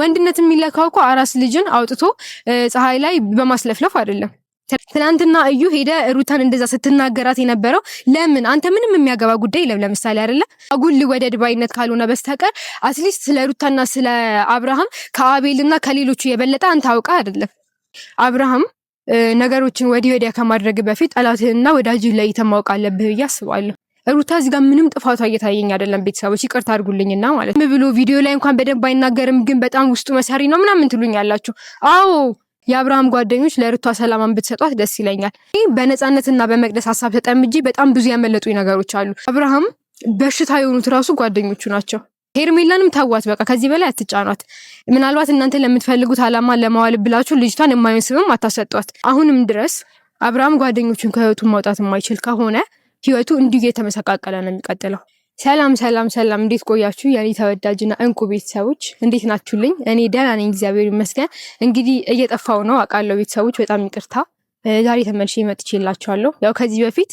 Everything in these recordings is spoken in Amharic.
ወንድነት የሚለካው እኮ አራስ ልጅን አውጥቶ ፀሐይ ላይ በማስለፍለፍ አይደለም። ትናንትና እዩ ሄደ ሩታን እንደዛ ስትናገራት የነበረው ለምን አንተ ምንም የሚያገባ ጉዳይ የለም። ለምሳሌ አይደለ አጉል ወደ ድባይነት ካልሆነ በስተቀር አትሊስት ስለ ሩታና ስለ አብርሃም ከአቤልና ከሌሎቹ የበለጠ አንተ አውቃ አይደለም። አብርሃም ነገሮችን ወዲህ ወዲያ ከማድረግ በፊት ጠላትህና ወዳጅህ ለይተህ ማወቅ አለብህ ብዬ አስባለሁ። ሩታ እዚህ ጋር ምንም ጥፋቷ እየታየኝ አይደለም። ቤተሰቦች ይቅርታ አድርጉልኝና ማለት ነው ብሎ ቪዲዮ ላይ እንኳን በደንብ አይናገርም፣ ግን በጣም ውስጡ መሰሪ ነው ምናምን ትሉኝ አላችሁ። አዎ የአብርሃም ጓደኞች ለሩታ ሰላማን ብትሰጧት ደስ ይለኛል። በነፃነትና በመቅደስ ሀሳብ ተጠምጄ በጣም ብዙ ያመለጡ ነገሮች አሉ። አብርሃም በሽታ የሆኑት ራሱ ጓደኞቹ ናቸው። ሄርሜላንም ታዋት በቃ ከዚህ በላይ አትጫኗት። ምናልባት እናንተ ለምትፈልጉት ዓላማ ለማዋል ብላችሁ ልጅቷን የማይሆን ስምም አታሰጧት። አሁንም ድረስ አብርሃም ጓደኞቹን ከህይወቱ ማውጣት የማይችል ከሆነ ህይወቱ እንዲሁ እየተመሰቃቀለ ነው የሚቀጥለው። ሰላም ሰላም ሰላም፣ እንዴት ቆያችሁ የኔ ተወዳጅና እንቁ ቤተሰቦች? እንዴት ናችሁልኝ? እኔ ደህና ነኝ፣ እግዚአብሔር ይመስገን። እንግዲህ እየጠፋው ነው አውቃለሁ ቤተሰቦች፣ በጣም ይቅርታ። ዛሬ ተመልሼ መጥቼላችኋለሁ። ያው ከዚህ በፊት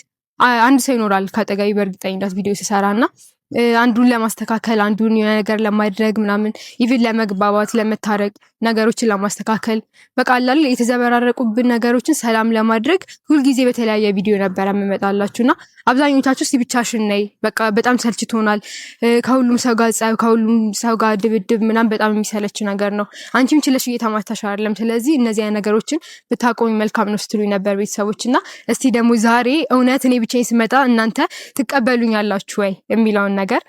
አንድ ሰው ይኖራል ከአጠገቤ በእርግጠኝነት ቪዲዮ ስሰራ እና አንዱን ለማስተካከል አንዱን የሆነ ነገር ለማድረግ ምናምን ኢቭን ለመግባባት ለመታረቅ ነገሮችን ለማስተካከል በቃላል የተዘበራረቁብን ነገሮችን ሰላም ለማድረግ ሁልጊዜ በተለያየ ቪዲዮ ነበር የምመጣላችሁ እና አብዛኞቻችሁ እስኪ ብቻሽን ነይ በቃ በጣም ሰልችቶናል፣ ከሁሉም ሰው ጋር ጸብ፣ ከሁሉም ሰው ጋር ድብድብ ምናምን በጣም የሚሰለች ነገር ነው። አንቺም ችለሽ እየተማታሽ አይደለም። ስለዚህ እነዚህ ነገሮችን ብታቆሚ መልካም ነው ስትሉኝ ነበር ቤተሰቦች እና እስቲ ደግሞ ዛሬ እውነት እኔ ብቻዬን ስመጣ እናንተ ትቀበሉኛላችሁ ወይ የሚለውን ነገር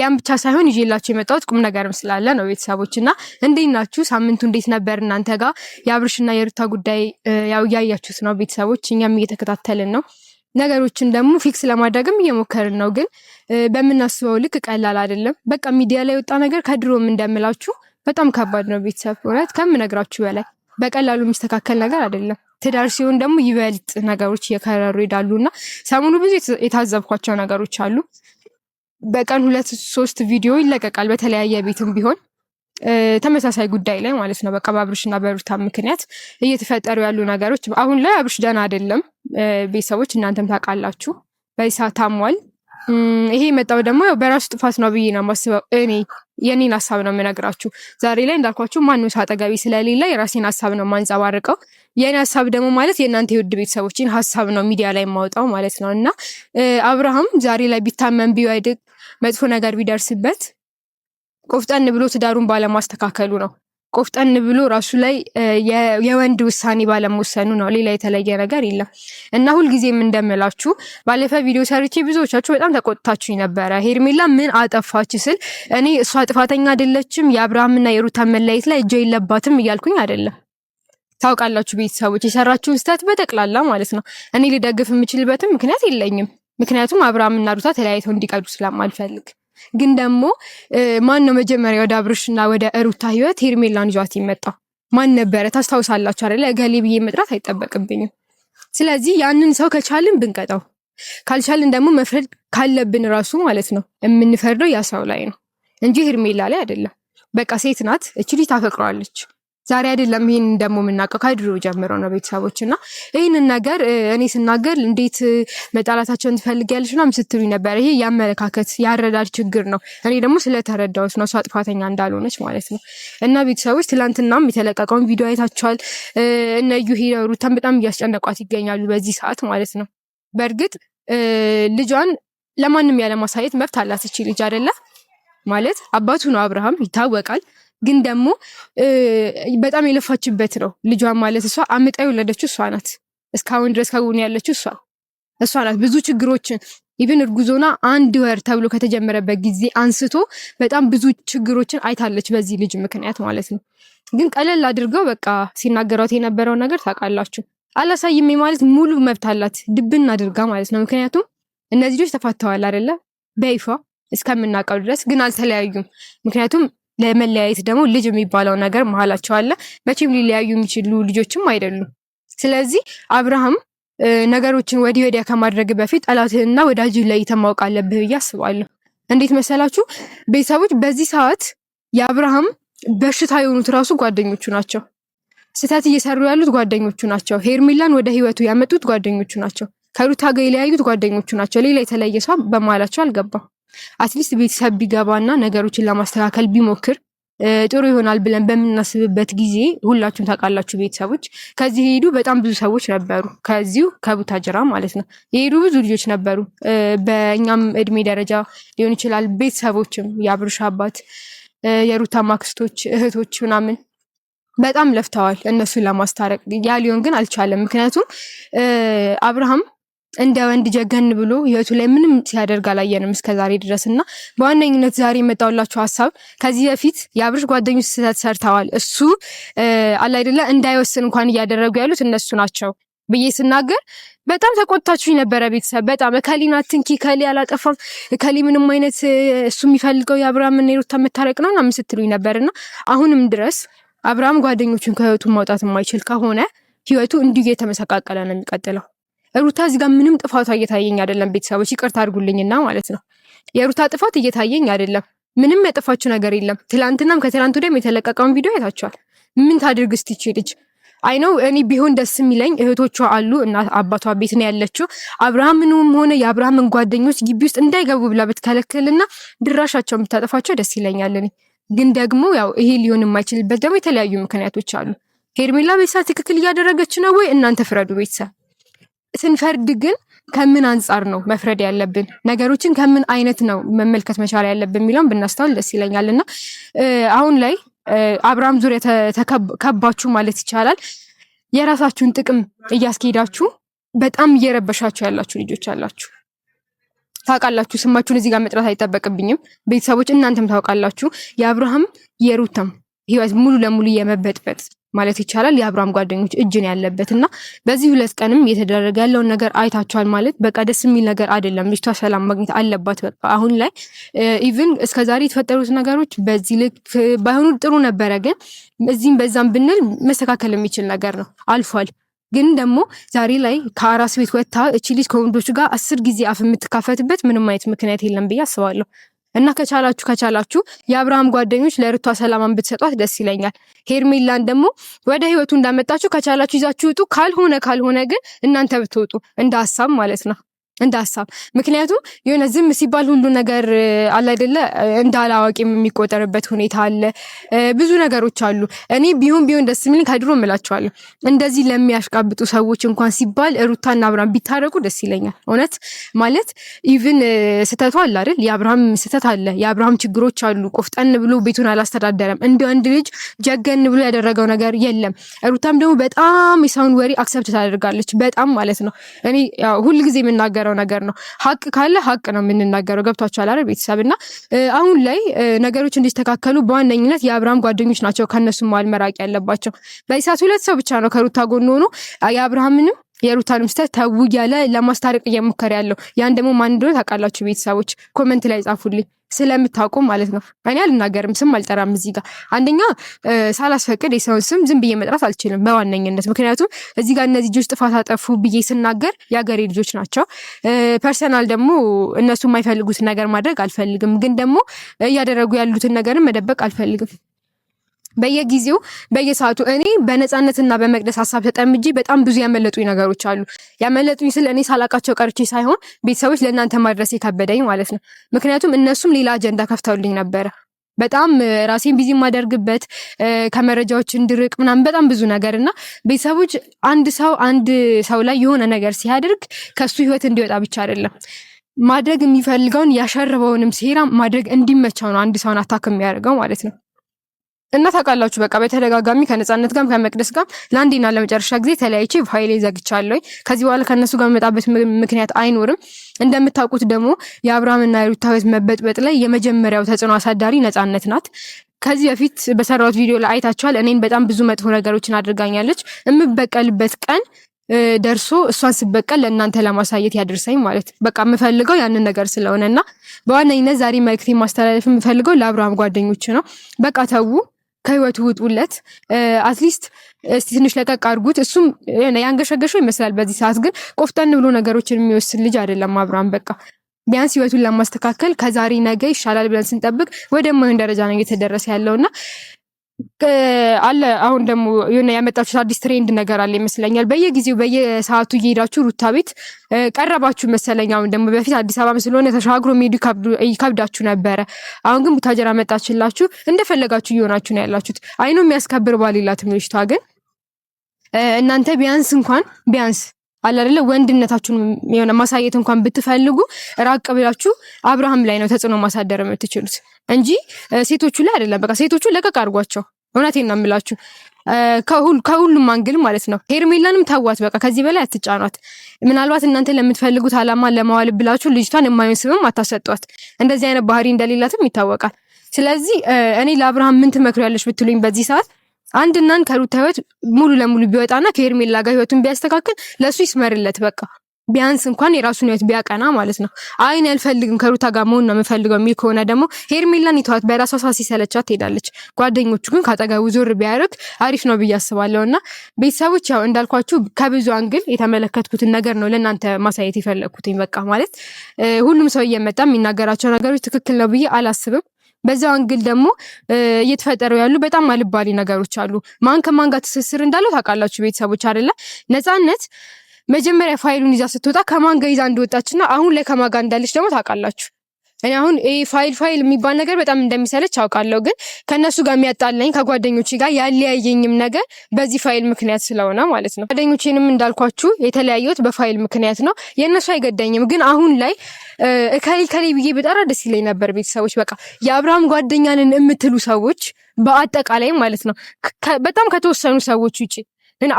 ያም ብቻ ሳይሆን ይዤላችሁ የመጣሁት ቁም ነገርም ስላለ ነው። ቤተሰቦች እና እንዴት ናችሁ? ሳምንቱ እንዴት ነበር እናንተ ጋር? የአብርሽና የሩታ ጉዳይ ያው እያያችሁት ነው ቤተሰቦች፣ እኛም እየተከታተልን ነው። ነገሮችን ደግሞ ፊክስ ለማድረግም እየሞከርን ነው፣ ግን በምናስበው ልክ ቀላል አይደለም። በቃ ሚዲያ ላይ የወጣ ነገር ከድሮም እንደምላችሁ በጣም ከባድ ነው ቤተሰብ፣ እውነት ከምነግራችሁ በላይ በቀላሉ የሚስተካከል ነገር አይደለም። ትዳር ሲሆን ደግሞ ይበልጥ ነገሮች እየከረሩ ይሄዳሉ እና ሰሞኑ ብዙ የታዘብኳቸው ነገሮች አሉ። በቀን ሁለት ሶስት ቪዲዮ ይለቀቃል በተለያየ ቤትም ቢሆን ተመሳሳይ ጉዳይ ላይ ማለት ነው። በቃ በአብርሽና በሩታ ምክንያት እየተፈጠሩ ያሉ ነገሮች አሁን ላይ አብርሽ ደህና አይደለም። ቤተሰቦች እናንተም ታውቃላችሁ፣ በይሳ ታሟል። ይሄ የመጣው ደግሞ በራሱ ጥፋት ነው ብዬ ነው የማስበው። እኔ የኔን ሀሳብ ነው የምነግራችሁ ዛሬ ላይ እንዳልኳችሁ ማንም ሰው አጠገቤ ስለሌለ የራሴን ሀሳብ ነው የማንጸባርቀው። የኔ ሀሳብ ደግሞ ማለት የእናንተ የውድ ቤተሰቦችን ሀሳብ ነው ሚዲያ ላይ የማውጣው ማለት ነው። እና አብርሃም ዛሬ ላይ ቢታመም ቢወድቅ፣ መጥፎ ነገር ቢደርስበት ቆፍጠን ብሎ ትዳሩን ባለማስተካከሉ ነው ቆፍጠን ብሎ ራሱ ላይ የወንድ ውሳኔ ባለመወሰኑ ነው። ሌላ የተለየ ነገር የለም። እና ሁልጊዜም እንደምላችሁ ባለፈ ቪዲዮ ሰርቼ ብዙዎቻችሁ በጣም ተቆጥታችሁ ነበረ። ሄርሜላ ምን አጠፋች ስል እኔ እሷ ጥፋተኛ አይደለችም የአብርሃምና የሩታ መለየት ላይ እጇ የለባትም እያልኩኝ አይደለም። ታውቃላችሁ ቤተሰቦች፣ የሰራችውን ስህተት በጠቅላላ ማለት ነው። እኔ ልደግፍ የምችልበትም ምክንያት የለኝም። ምክንያቱም አብርሃምና ሩታ ተለያይተው እንዲቀዱ ስለማልፈልግ ግን ደግሞ ማን ነው መጀመሪያ ወደ አብርሽና ወደ ሩታ ህይወት ሄርሜላን ይዟት ይመጣ? ማን ነበረ? ታስታውሳላችሁ አይደለ? እገሌ ብዬ መጥራት አይጠበቅብኝም። ስለዚህ ያንን ሰው ከቻልን ብንቀጣው፣ ካልቻልን ደግሞ መፍረድ ካለብን ራሱ ማለት ነው የምንፈርደው ያ ሰው ላይ ነው እንጂ ሄርሜላ ላይ አይደለም። በቃ ሴት ናት እችሊ ታፈቅረዋለች። ዛሬ አይደለም። ይህን ደግሞ የምናውቀው ከድሮ ጀምሮ ነው ቤተሰቦች እና ይህንን ነገር እኔ ስናገር እንዴት መጣላታቸውን ትፈልጊያለሽ ምናምን ስትሉኝ ነበር። ይሄ የአመለካከት ያረዳድ ችግር ነው። እኔ ደግሞ ስለተረዳሁት ነው እሷ ጥፋተኛ እንዳልሆነች ማለት ነው። እና ቤተሰቦች ትላንትናም የተለቀቀውን ቪዲዮ አይታችኋል። እነዩ ዩሄ ሩታን በጣም እያስጨነቋት ይገኛሉ በዚህ ሰዓት ማለት ነው። በእርግጥ ልጇን ለማንም ያለማሳየት መብት አላት ይቺ ልጅ አይደለ ማለት አባቱ ነው አብርሃም ይታወቃል። ግን ደግሞ በጣም የለፋችበት ነው ልጇን ማለት እሷ አምጣ የወለደችው እሷ ናት። እስካሁን ድረስ ከጎን ያለችው እሷ እሷ ናት። ብዙ ችግሮችን ኢቨን እርጉዞና አንድ ወር ተብሎ ከተጀመረበት ጊዜ አንስቶ በጣም ብዙ ችግሮችን አይታለች በዚህ ልጅ ምክንያት ማለት ነው። ግን ቀለል አድርገው በቃ ሲናገሯት የነበረው ነገር ታውቃላችሁ። አላሳይም ማለት ሙሉ መብት አላት ድብን አድርጋ ማለት ነው። ምክንያቱም እነዚህ ልጆች ተፋተዋል አይደለ በይፋ እስከምናውቀው ድረስ ግን አልተለያዩም። ምክንያቱም ለመለያየት ደግሞ ልጅ የሚባለው ነገር መሀላቸው አለ። መቼም ሊለያዩ የሚችሉ ልጆችም አይደሉም። ስለዚህ አብርሃም ነገሮችን ወዲህ ወዲያ ከማድረግ በፊት ጠላትህና ወዳጅ ለይተህ ማወቅ አለብህ ብዬ አስባለሁ። እንዴት መሰላችሁ ቤተሰቦች፣ በዚህ ሰዓት የአብርሃም በሽታ የሆኑት ራሱ ጓደኞቹ ናቸው። ስህተት እየሰሩ ያሉት ጓደኞቹ ናቸው። ሄርሚላን ወደ ህይወቱ ያመጡት ጓደኞቹ ናቸው። ከሩታ ጋር የለያዩት ጓደኞቹ ናቸው። ሌላ የተለየ ሰው በመሀላቸው አልገባም። አትሊስት ቤተሰብ ቢገባና ነገሮችን ለማስተካከል ቢሞክር ጥሩ ይሆናል ብለን በምናስብበት ጊዜ ሁላችሁም ታውቃላችሁ ቤተሰቦች ከዚህ የሄዱ በጣም ብዙ ሰዎች ነበሩ። ከዚሁ ጅራ ማለት ነው የሄዱ ብዙ ልጆች ነበሩ። በእኛም እድሜ ደረጃ ሊሆን ይችላል። ቤተሰቦችም የአብርሻ አባት፣ የሩታ ማክስቶች፣ እህቶች ምናምን በጣም ለፍተዋል እነሱን ለማስታረቅ። ያ ሊሆን ግን አልቻለም። ምክንያቱም አብርሃም እንደ ወንድ ጀገን ብሎ ህይወቱ ላይ ምንም ሲያደርግ አላየንም እስከ ዛሬ ድረስ እና በዋነኝነት ዛሬ የመጣውላቸው ሀሳብ ከዚህ በፊት የአብርሽ ጓደኞች ስህተት ሰርተዋል። እሱ አለ አይደለ እንዳይወስን እንኳን እያደረጉ ያሉት እነሱ ናቸው ብዬ ስናገር በጣም ተቆጥታችሁኝ የነበረ ቤተሰብ በጣም እከሌን አትንኪ፣ እከሊ አላጠፋም፣ እከሊ ምንም አይነት እሱ የሚፈልገው የአብርሃም የሩታ መታረቅ ነው ምናምን ስትሉኝ ነበር እና አሁንም ድረስ አብርሃም ጓደኞቹን ከህይወቱ ማውጣት የማይችል ከሆነ ህይወቱ እንዲሁ እየተመሰቃቀለ ነው የሚቀጥለው። ሩታ እዚህ ጋር ምንም ጥፋቷ እየታየኝ አይደለም። ቤተሰቦች ይቅርታ አድርጉልኝና ማለት ነው የሩታ ጥፋት እየታየኝ አይደለም። ምንም ያጠፋችው ነገር የለም። ትላንትናም ከትላንት ወዲያም የተለቀቀውን ቪዲዮ አይታችኋል። ምን ታድርግ እስቲ ልጅ ነው እኔ ቢሆን ደስ የሚለኝ እህቶቿ አሉ እና አባቷ ቤት ነው ያለችው። አብርሃምንም ሆነ የአብርሃምን ጓደኞች ግቢ ውስጥ እንዳይገቡ ብላ ብትከለክልና ድራሻቸውን ብታጠፋቸው ደስ ይለኛል። እኔ ግን ደግሞ ያው ይሄ ሊሆን የማይችልበት ደግሞ የተለያዩ ምክንያቶች አሉ። ሄርሜላ ቤተሰብ ትክክል እያደረገች ነው ወይ? እናንተ ፍረዱ ቤተሰብ። ስንፈርድ ግን ከምን አንጻር ነው መፍረድ ያለብን? ነገሮችን ከምን አይነት ነው መመልከት መቻል ያለብን የሚለውን ብናስተዋል ደስ ይለኛል። እና አሁን ላይ አብርሃም ዙሪያ ተከባችሁ ማለት ይቻላል የራሳችሁን ጥቅም እያስኬዳችሁ በጣም እየረበሻችሁ ያላችሁ ልጆች አላችሁ። ታውቃላችሁ። ስማችሁን እዚህ ጋር መጥራት አይጠበቅብኝም። ቤተሰቦች እናንተም ታውቃላችሁ። የአብርሃም የሩታም ህይወት ሙሉ ለሙሉ የመበጥበጥ ማለት ይቻላል የአብርሃም ጓደኞች እጅን ያለበት እና በዚህ ሁለት ቀንም እየተደረገ ያለውን ነገር አይታችኋል። ማለት በቃ ደስ የሚል ነገር አይደለም። ልጅቷ ሰላም ማግኘት አለባት። በቃ አሁን ላይ ኢቭን እስከዛሬ የተፈጠሩት ነገሮች በዚህ ልክ ባይሆኑ ጥሩ ነበረ፣ ግን እዚህም በዛም ብንል መስተካከል የሚችል ነገር ነው፣ አልፏል። ግን ደግሞ ዛሬ ላይ ከአራስ ቤት ወጥታ እቺ ልጅ ከወንዶች ጋር አስር ጊዜ አፍ የምትካፈትበት ምንም አይነት ምክንያት የለም ብዬ አስባለሁ። እና ከቻላችሁ ከቻላችሁ የአብርሃም ጓደኞች ለርቷ ሰላማን ብትሰጧት ደስ ይለኛል። ሄርሜላን ደግሞ ወደ ህይወቱ እንዳመጣችሁ ከቻላችሁ ይዛችሁ ውጡ። ካልሆነ ካልሆነ ግን እናንተ ብትወጡ እንደ ሀሳብ ማለት ነው። እንደ ሀሳብ ምክንያቱም የሆነ ዝም ሲባል ሁሉ ነገር አለ አይደለ? እንደ አላዋቂም የሚቆጠርበት ሁኔታ አለ። ብዙ ነገሮች አሉ። እኔ ቢሆን ቢሆን ደስ የሚል ከድሮ እምላቸዋለሁ፣ እንደዚህ ለሚያሽቃብጡ ሰዎች እንኳን ሲባል ሩታና አብርሃም ቢታረቁ ደስ ይለኛል። እውነት ማለት ኢቭን ስህተቱ አለ አይደል? የአብርሃም ስህተት አለ፣ የአብርሃም ችግሮች አሉ። ቆፍጠን ብሎ ቤቱን አላስተዳደረም። እንደ አንድ ልጅ ጀገን ብሎ ያደረገው ነገር የለም። ሩታም ደግሞ በጣም የሰውን ወሬ አክሰብት ታደርጋለች፣ በጣም ማለት ነው። እኔ ሁልጊዜ የምናገር የምንናገረው ነገር ነው። ሀቅ ካለ ሀቅ ነው የምንናገረው። ገብቷችኋል አይደል ቤተሰብ? እና አሁን ላይ ነገሮች እንዲስተካከሉ በዋነኝነት የአብርሃም ጓደኞች ናቸው ከነሱ መሃል መራቅ ያለባቸው። በዚህ ሰዓት ሁለት ሰው ብቻ ነው ከሩታ ጎን ሆኖ የአብርሃምንም የሩታን ስተት ተው እያለ ለማስታረቅ እየሞከረ ያለው ያን ደግሞ ማን እንደሆነ ታውቃላችሁ ቤተሰቦች? ኮመንት ላይ ጻፉልኝ ስለምታውቁ ማለት ነው። እኔ አልናገርም፣ ስም አልጠራም እዚህ ጋር። አንደኛ ሳላስፈቅድ የሰውን ስም ዝም ብዬ መጥራት አልችልም በዋነኝነት ምክንያቱም እዚህ ጋር እነዚህ ልጆች ጥፋት አጠፉ ብዬ ስናገር የሀገሬ ልጆች ናቸው። ፐርሰናል ደግሞ እነሱ የማይፈልጉትን ነገር ማድረግ አልፈልግም፣ ግን ደግሞ እያደረጉ ያሉትን ነገርም መደበቅ አልፈልግም። በየጊዜው በየሰዓቱ እኔ በነፃነትና በመቅደስ ሀሳብ ተጠምጄ በጣም ብዙ ያመለጡኝ ነገሮች አሉ። ያመለጡኝ ስለ እኔ ሳላቃቸው ቀርቼ ሳይሆን ቤተሰቦች ለእናንተ ማድረስ የከበደኝ ማለት ነው። ምክንያቱም እነሱም ሌላ አጀንዳ ከፍተውልኝ ነበረ። በጣም ራሴን ቢዚ የማደርግበት ከመረጃዎች እንድርቅ ምናምን በጣም ብዙ ነገር እና ቤተሰቦች አንድ ሰው አንድ ሰው ላይ የሆነ ነገር ሲያደርግ ከሱ ህይወት እንዲወጣ ብቻ አይደለም ማድረግ የሚፈልገውን ያሸርበውንም ሴራ ማድረግ እንዲመቻው ነው አንድ ሰውን አታክ የሚያደርገው ማለት ነው። እና ታውቃላችሁ በቃ በተደጋጋሚ ከነጻነት ጋር ከመቅደስ ጋር ለአንዴና ለመጨረሻ ጊዜ ተለያይቼ ፋይሌ ዘግቻለሁ። ከዚህ በኋላ ከእነሱ ጋር መጣበት ምክንያት አይኖርም። እንደምታውቁት ደግሞ የአብርሃምና የሩታ ሕይወት መበጥበጥ ላይ የመጀመሪያው ተጽዕኖ አሳዳሪ ነጻነት ናት። ከዚህ በፊት በሰራሁት ቪዲዮ ላይ አይታችኋል። እኔን በጣም ብዙ መጥፎ ነገሮችን አድርጋኛለች። የምበቀልበት ቀን ደርሶ እሷን ስበቀል ለእናንተ ለማሳየት ያደርሰኝ ማለት በቃ የምፈልገው ያንን ነገር ስለሆነ እና በዋነኝነት ዛሬ መልዕክቴ ማስተላለፍ የምፈልገው ለአብርሃም ጓደኞች ነው። በቃ ተዉ ከህይወቱ ውጡለት። አትሊስት እስቲ ትንሽ ለቀቅ አድርጉት። እሱም ያንገሸገሸው ይመስላል። በዚህ ሰዓት ግን ቆፍጠን ብሎ ነገሮችን የሚወስድ ልጅ አይደለም አብርሃም። በቃ ቢያንስ ህይወቱን ለማስተካከል ከዛሬ ነገ ይሻላል ብለን ስንጠብቅ ወደማይሆን ደረጃ ነው እየተደረሰ ያለውና አለ አሁን ደግሞ የሆነ ያመጣችሁት አዲስ ትሬንድ ነገር አለ ይመስለኛል። በየጊዜው በየሰዓቱ እየሄዳችሁ ሩታ ቤት ቀረባችሁ መሰለኝ። አሁን ደግሞ በፊት አዲስ አበባ ስለሆነ ተሻግሮ ሜዱ ይከብዳችሁ ነበረ። አሁን ግን ቡታጀራ መጣችላችሁ፣ እንደፈለጋችሁ እየሆናችሁ ነው ያላችሁት። አይኖ የሚያስከብር ባል የላትም ልጅቷ። ግን እናንተ ቢያንስ እንኳን ቢያንስ አለ ወንድነታችሁን የሆነ ማሳየት እንኳን ብትፈልጉ ራቅ ብላችሁ አብርሃም ላይ ነው ተጽዕኖ ማሳደር የምትችሉት። እንጂ ሴቶቹ ላይ አይደለም። በቃ ሴቶቹ ለቀቅ አድርጓቸው። እውነቴን ነው የምላችሁ ከሁሉም አንግል ማለት ነው። ሄርሜላንም ተዋት፣ በቃ ከዚህ በላይ አትጫኗት። ምናልባት እናንተ ለምትፈልጉት አላማ ለማዋል ብላችሁ ልጅቷን የማይሆን ስምም አታሰጧት። እንደዚህ አይነት ባህሪ እንደሌላትም ይታወቃል። ስለዚህ እኔ ለአብርሃም ምን ትመክሪያለሽ ብትሉኝ በዚህ ሰዓት አንድ እናን ከሩታ ህይወት ሙሉ ለሙሉ ቢወጣና ከሄርሜላ ጋር ህይወቱን ቢያስተካክል ለእሱ ይስመርለት በቃ ቢያንስ እንኳን የራሱን ህይወት ቢያቀና ማለት ነው። አይን ያልፈልግም ከሩታ ጋር መሆን ነው የምፈልገው የሚል ከሆነ ደግሞ ሄርሜላን ይተዋት፣ በራሷ ሲሰለቻት ትሄዳለች። ጓደኞቹ ግን ካጠገቡ ዞር ቢያደርግ አሪፍ ነው ብዬ አስባለሁ። እና ቤተሰቦች ያው እንዳልኳችሁ ከብዙ አንግል የተመለከትኩትን ነገር ነው ለእናንተ ማሳየት የፈለግኩትኝ። በቃ ማለት ሁሉም ሰው እየመጣ የሚናገራቸው ነገሮች ትክክል ነው ብዬ አላስብም። በዛው አንግል ደግሞ እየተፈጠረው ያሉ በጣም አልባሌ ነገሮች አሉ። ማን ከማን ጋር ትስስር እንዳለው ታውቃላችሁ ቤተሰቦች አይደለ ነጻነት መጀመሪያ ፋይሉን ይዛ ስትወጣ ከማን ጋር ይዛ እንደወጣችና አሁን ላይ ከማን ጋር እንዳለች ደግሞ ታውቃላችሁ። እኔ አሁን ይሄ ፋይል ፋይል የሚባል ነገር በጣም እንደሚሰለች አውቃለሁ፣ ግን ከእነሱ ጋር የሚያጣላኝ ከጓደኞቼ ጋር ያለያየኝም ነገር በዚህ ፋይል ምክንያት ስለሆነ ማለት ነው። ጓደኞቼንም እንዳልኳችሁ የተለያየሁት በፋይል ምክንያት ነው። የእነሱ አይገዳኝም፣ ግን አሁን ላይ እከሌ ከሌ ብዬ ብጠራ ደስ ይለኝ ነበር። ቤተሰቦች በቃ የአብርሃም ጓደኛንን የምትሉ ሰዎች በአጠቃላይ ማለት ነው በጣም ከተወሰኑ ሰዎች ውጭ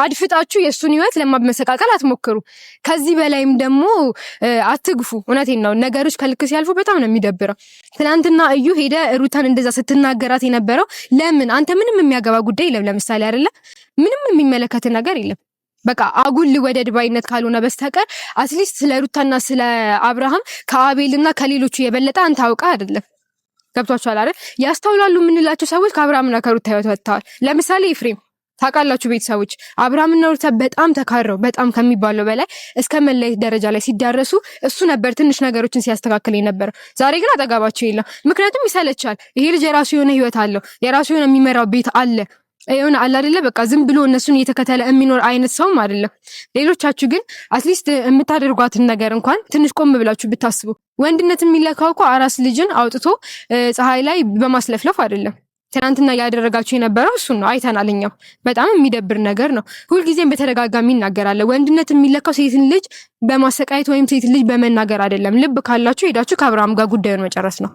አድፍጣችሁ የእሱን ህይወት ለማመሰቃቀል አትሞክሩ። ከዚህ በላይም ደግሞ አትግፉ። እውነቴን ነው። ነገሮች ከልክ ሲያልፉ በጣም ነው የሚደብረው። ትናንትና እዩ ሄደ ሩታን እንደዛ ስትናገራት የነበረው ለምን? አንተ ምንም የሚያገባ ጉዳይ የለም። ለምሳሌ አይደለ ምንም የሚመለከት ነገር የለም። በቃ አጉል ልወደድ ባይነት ካልሆነ በስተቀር አትሊስት ስለ ሩታና ስለ አብርሃም ከአቤልና ከሌሎቹ የበለጠ አንተ አውቃ አይደለም። ገብቷቸዋል አይደል? ያስተውላሉ የምንላቸው ሰዎች ከአብርሃምና ከሩታ ህይወት ወጥተዋል። ለምሳሌ ኤፍሬም ታውቃላችሁ ቤተሰቦች አብርሃምና ሩታ በጣም ተካረው በጣም ከሚባለው በላይ እስከ መለየት ደረጃ ላይ ሲዳረሱ እሱ ነበር ትንሽ ነገሮችን ሲያስተካክል የነበረው። ዛሬ ግን አጠገባቸው የለም። ምክንያቱም ይሰለቻል። ይሄ ልጅ የራሱ የሆነ ህይወት አለው፣ የራሱ የሆነ የሚመራው ቤት አለ። የሆነ አለ አይደለ፣ በቃ ዝም ብሎ እነሱን እየተከተለ የሚኖር አይነት ሰውም አይደለም። ሌሎቻችሁ ግን አትሊስት የምታደርጓትን ነገር እንኳን ትንሽ ቆም ብላችሁ ብታስቡ። ወንድነት የሚለካው እኮ አራስ ልጅን አውጥቶ ፀሐይ ላይ በማስለፍለፍ አይደለም። ትናንትና እያደረጋችሁ የነበረው እሱን ነው አይተናል። እኛው በጣም የሚደብር ነገር ነው። ሁልጊዜም በተደጋጋሚ ይናገራለ ወንድነት የሚለካው ሴትን ልጅ በማሰቃየት ወይም ሴትን ልጅ በመናገር አይደለም። ልብ ካላችሁ ሄዳችሁ ከአብርሃም ጋር ጉዳዩን መጨረስ ነው።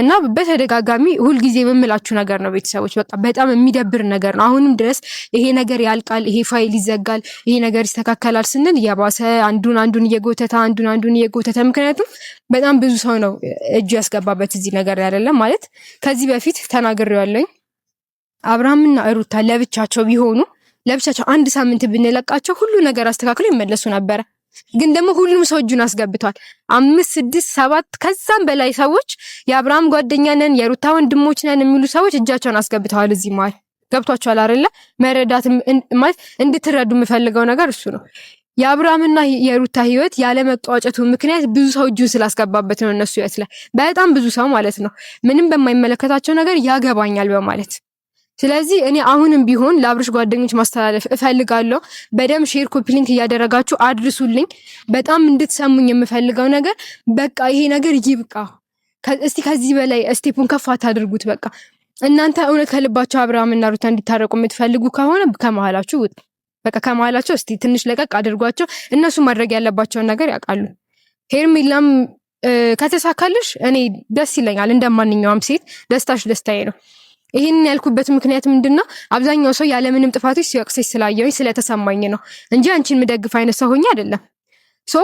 እና በተደጋጋሚ ሁልጊዜ የምምላችሁ ነገር ነው ቤተሰቦች፣ በቃ በጣም የሚደብር ነገር ነው። አሁንም ድረስ ይሄ ነገር ያልቃል፣ ይሄ ፋይል ይዘጋል፣ ይሄ ነገር ይስተካከላል ስንል የባሰ አንዱን አንዱን እየጎተተ አንዱን አንዱን እየጎተተ ምክንያቱም በጣም ብዙ ሰው ነው እጁ ያስገባበት እዚህ ነገር አይደለም ማለት ከዚህ በፊት ተናግሬዋለሁኝ። አብርሃምና እሩታ ለብቻቸው ቢሆኑ ለብቻቸው አንድ ሳምንት ብንለቃቸው ሁሉ ነገር አስተካክሎ ይመለሱ ነበረ። ግን ደግሞ ሁሉም ሰው እጁን አስገብቷል። አምስት፣ ስድስት፣ ሰባት ከዛም በላይ ሰዎች የአብርሃም ጓደኛ ነን የሩታ ወንድሞች ነን የሚሉ ሰዎች እጃቸውን አስገብተዋል። እዚህ መዋል ገብቷቸዋል አይደለ? መረዳት ማለት እንድትረዱ የምፈልገው ነገር እሱ ነው። የአብርሃምና የሩታ ህይወት ያለመቋጨቱ ምክንያት ብዙ ሰው እጁን ስላስገባበት ነው። እነሱ ህይወት ላይ በጣም ብዙ ሰው ማለት ነው ምንም በማይመለከታቸው ነገር ያገባኛል በማለት ስለዚህ እኔ አሁንም ቢሆን ለአብርሽ ጓደኞች ማስተላለፍ እፈልጋለሁ። በደም ሼር ሊንክ እያደረጋችሁ አድርሱልኝ። በጣም እንድትሰሙኝ የምፈልገው ነገር በቃ ይሄ ነገር ይብቃ። እስቲ ከዚህ በላይ ስቴፑን ከፍ አታድርጉት። በቃ እናንተ እውነት አብርሃም እና ሩታ እንዲታረቁ የምትፈልጉ ከሆነ ከመሀላችሁ ውጥ በቃ ከመሀላቸው እስቲ ትንሽ ለቀቅ አድርጓቸው። እነሱ ማድረግ ያለባቸውን ነገር ያውቃሉ። ሄርሚላም ከተሳካልሽ እኔ ደስ ይለኛል። እንደ ማንኛውም ሴት ደስታሽ ደስታዬ ነው። ይህን ያልኩበት ምክንያት ምንድን ነው? አብዛኛው ሰው ያለምንም ጥፋቶች ሲወቅሰኝ ስላየሁኝ ስለተሰማኝ ነው እንጂ አንቺን ምደግፍ አይነት ሰው ሆኜ አይደለም። ሶ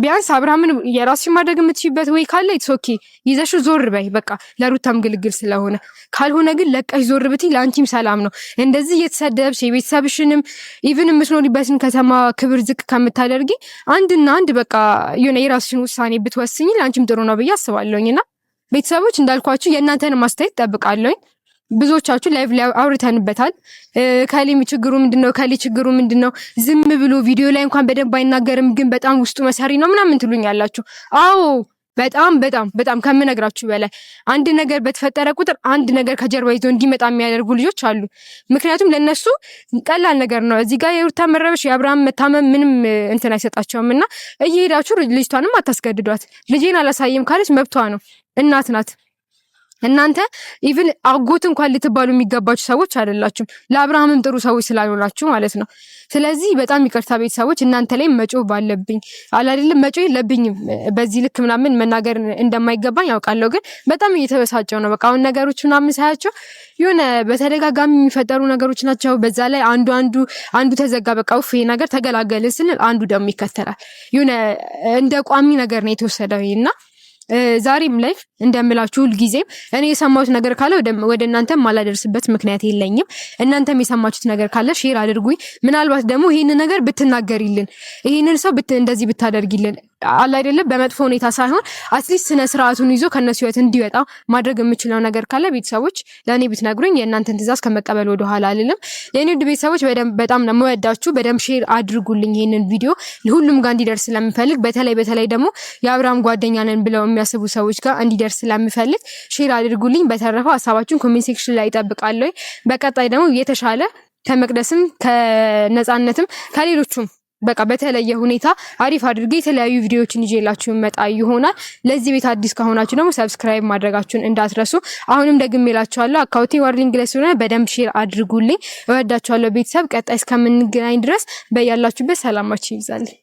ቢያንስ አብርሃምን የራስሽ ማድረግ የምትችበት ወይ ካለ ኢትስ ኦኬ ይዘሽ ዞር በይ በቃ፣ ለሩታም ግልግል ስለሆነ። ካልሆነ ግን ለቀሽ ዞር ብቲ ለአንቺም ሰላም ነው። እንደዚህ እየተሰደብሽ የቤተሰብሽንም ኢቭን የምትኖሪበትን ከተማ ክብር ዝቅ ከምታደርጊ አንድና አንድ በቃ የሆነ የራስሽን ውሳኔ ብትወስኝ ለአንቺም ጥሩ ነው ብዬ አስባለሁኝና ቤተሰቦች እንዳልኳችሁ የእናንተን ማስተያየት ጠብቃለኝ። ብዙዎቻችሁ ላይቭ ላይ አውርተንበታል። ከሌም ችግሩ ምንድነው? ከሌ ችግሩ ምንድነው? ዝም ብሎ ቪዲዮ ላይ እንኳን በደንብ አይናገርም፣ ግን በጣም ውስጡ መሰሪ ነው ምናምን ያላችሁ። አዎ በጣም በጣም በጣም ከምነግራችሁ በላይ አንድ ነገር በተፈጠረ ቁጥር አንድ ነገር ከጀርባ ይዞ እንዲመጣ የሚያደርጉ ልጆች አሉ። ምክንያቱም ለእነሱ ቀላል ነገር ነው። እዚህ ጋር የሩታ መረበሽ የአብርሃም መታመም ምንም እንትን አይሰጣቸውም እና እየሄዳችሁ ልጅቷንም አታስገድዷት። ልጄን አላሳይም ካለች መብቷ ነው። እናት ናት። እናንተ ኢቭን አጎት እንኳን ልትባሉ የሚገባችሁ ሰዎች አይደላችሁም። ለአብርሃምም ጥሩ ሰዎች ስላልሆናችሁ ማለት ነው። ስለዚህ በጣም ይቅርታ ቤተሰቦች፣ እናንተ ላይ መጮ ባለብኝ አላደለም መጮ የለብኝም በዚህ ልክ ምናምን መናገር እንደማይገባኝ ያውቃለሁ። ግን በጣም እየተበሳጨው ነው። በቃ አሁን ነገሮች ምናምን ሳያቸው የሆነ በተደጋጋሚ የሚፈጠሩ ነገሮች ናቸው። በዛ ላይ አንዱ አንዱ አንዱ ተዘጋ፣ በቃ ውፍ ይሄ ነገር ተገላገልን ስንል አንዱ ደግሞ ይከተላል። የሆነ እንደ ቋሚ ነገር ነው የተወሰደው እና ዛሬም ላይፍ እንደምላችሁ ሁልጊዜም እኔ የሰማሁት ነገር ካለ ወደ እናንተም ማላደርስበት ምክንያት የለኝም። እናንተም የሰማችሁት ነገር ካለ ሼር አድርጉኝ። ምናልባት ደግሞ ይህንን ነገር ብትናገሪልን፣ ይህንን ሰው እንደዚህ ብታደርጊልን አለ አይደለም በመጥፎ ሁኔታ ሳይሆን አትሊስት ስነ ስርዓቱን ይዞ ከእነሱ ህይወት እንዲወጣ ማድረግ የምችለው ነገር ካለ ቤተሰቦች ለእኔ ብትነግሩኝ የእናንተን ትእዛዝ ከመቀበል ወደኋላ አልልም። የእኔ ውድ ቤተሰቦች በጣም ነው የምወዳችሁ። በደንብ ሼር አድርጉልኝ ይህንን ቪዲዮ ሁሉም ጋር እንዲደርስ ስለምፈልግ፣ በተለይ በተለይ ደግሞ የአብርሃም ጓደኛ ነን ብለው የሚያስቡ ሰዎች ጋር እንዲደርስ ስለምፈልግ ሼር አድርጉልኝ። በተረፈ ሀሳባችሁን ኮሜንት ሴክሽን ላይ ይጠብቃለሁ። በቀጣይ ደግሞ የተሻለ ከመቅደስም ከነፃነትም ከሌሎቹም በቃ በተለየ ሁኔታ አሪፍ አድርጌ የተለያዩ ቪዲዮዎችን ይዤላችሁ መጣ ይሆናል። ለዚህ ቤት አዲስ ከሆናችሁ ደግሞ ሰብስክራይብ ማድረጋችሁን እንዳትረሱ። አሁንም ደግሜ እላችኋለሁ አካውንቴ ዋርኒንግ ላይ ስለሆነ በደንብ ሼር አድርጉልኝ። እወዳችኋለሁ ቤተሰብ። ቀጣይ እስከምንገናኝ ድረስ በያላችሁበት ሰላማችሁ ይብዛልኝ።